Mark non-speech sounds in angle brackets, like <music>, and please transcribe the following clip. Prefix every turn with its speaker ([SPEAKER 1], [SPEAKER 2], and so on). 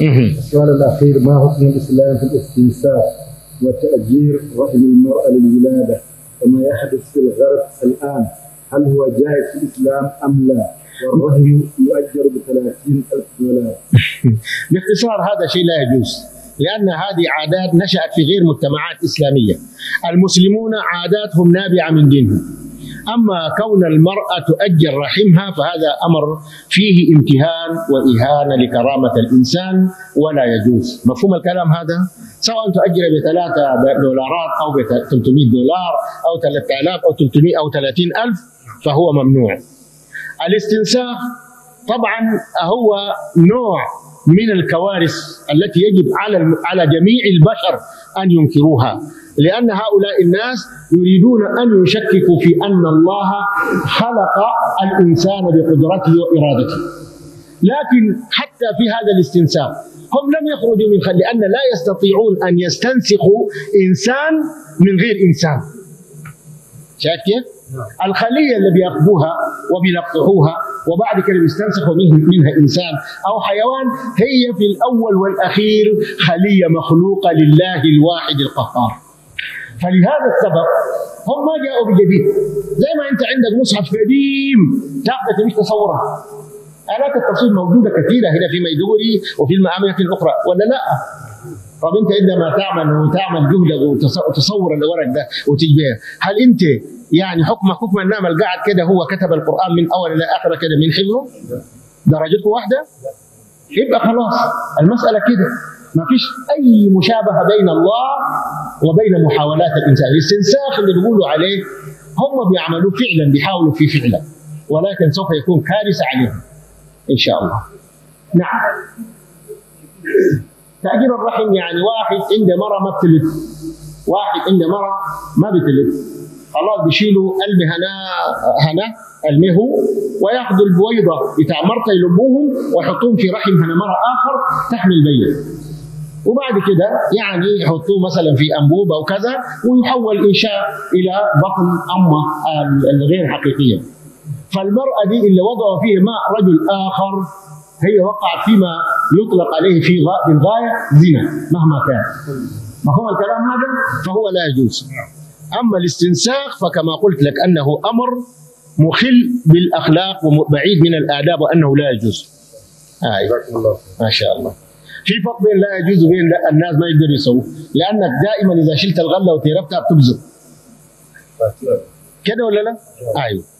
[SPEAKER 1] السؤال الأخير ما حكم الإسلام في الاستنساخ وتأجير رحم المرأة للولادة وما يحدث في الغرب الآن هل هو جائز في الإسلام أم لا؟ والرحم يؤجر ب 30000 دولار. <laughs> باختصار هذا شيء لا يجوز. لأن هذه عادات نشأت في غير مجتمعات إسلامية المسلمون عاداتهم نابعة من دينهم أما كون المرأة تؤجر رحمها فهذا أمر فيه امتهان وإهانة لكرامة الإنسان ولا يجوز مفهوم الكلام هذا؟ سواء تؤجر بثلاثة دولارات أو ب 300 دولار أو 3000 أو ثلاثمائة أو ثلاثين ألف فهو ممنوع الاستنساخ طبعا هو نوع من الكوارث التي يجب على على جميع البشر ان ينكروها لأن هؤلاء الناس يريدون أن يشككوا في أن الله خلق الإنسان بقدرته وإرادته لكن حتى في هذا الاستنساخ هم لم يخرجوا من خلق لأن لا يستطيعون أن يستنسخوا إنسان من غير إنسان شايف كيف؟ نعم. الخلية اللي بياخذوها وبيلقحوها وبعد كده بيستنسخوا منها إنسان أو حيوان هي في الأول والأخير خلية مخلوقة لله الواحد القهار فلهذا السبب هم ما جاءوا بجديد زي ما انت عندك مصحف قديم تاخذ تمشي تصوره الات التصوير موجوده كثيره هنا في ميدوري وفي المعامل الاخرى ولا لا؟ طب انت عندما تعمل وتعمل جهدك وتصور الورق ده وتجبيه هل انت يعني حكم حكم النام القاعد كده هو كتب القران من اول الى اخر كده من حفظه؟ درجته واحده؟ يبقى خلاص المساله كده ما فيش اي مشابهه بين الله وبين محاولات الانسان الاستنساخ اللي بيقولوا عليه هم بيعملوه فعلا بيحاولوا فيه فعلا ولكن سوف يكون كارثه عليهم ان شاء الله نعم تاجير الرحم يعني واحد عنده مره ما بتلف واحد عنده مره ما بتلف خلاص بيشيلوا قلب هنا هنا المهو وياخذوا البويضه بتاع مرته يلبوهم ويحطوهم في رحم هنا مره اخر تحمل بيت وبعد كده يعني يحطوه مثلا في انبوبه وكذا ويحول انشاء الى بطن امه الغير حقيقيه. فالمراه دي اللي وضعوا فيه ماء رجل اخر هي وقعت فيما يطلق عليه في الغايه زنا مهما كان. مفهوم الكلام هذا؟ فهو لا يجوز. اما الاستنساخ فكما قلت لك انه امر مخل بالاخلاق وبعيد من الاداب وانه لا يجوز. آه. أيوة. ما شاء الله. في فرق بين لا يجوز وبين الناس ما يقدروا يسووا لانك دائما اذا شلت الغله وتيربتها بتبزق كده ولا لا؟ ايوه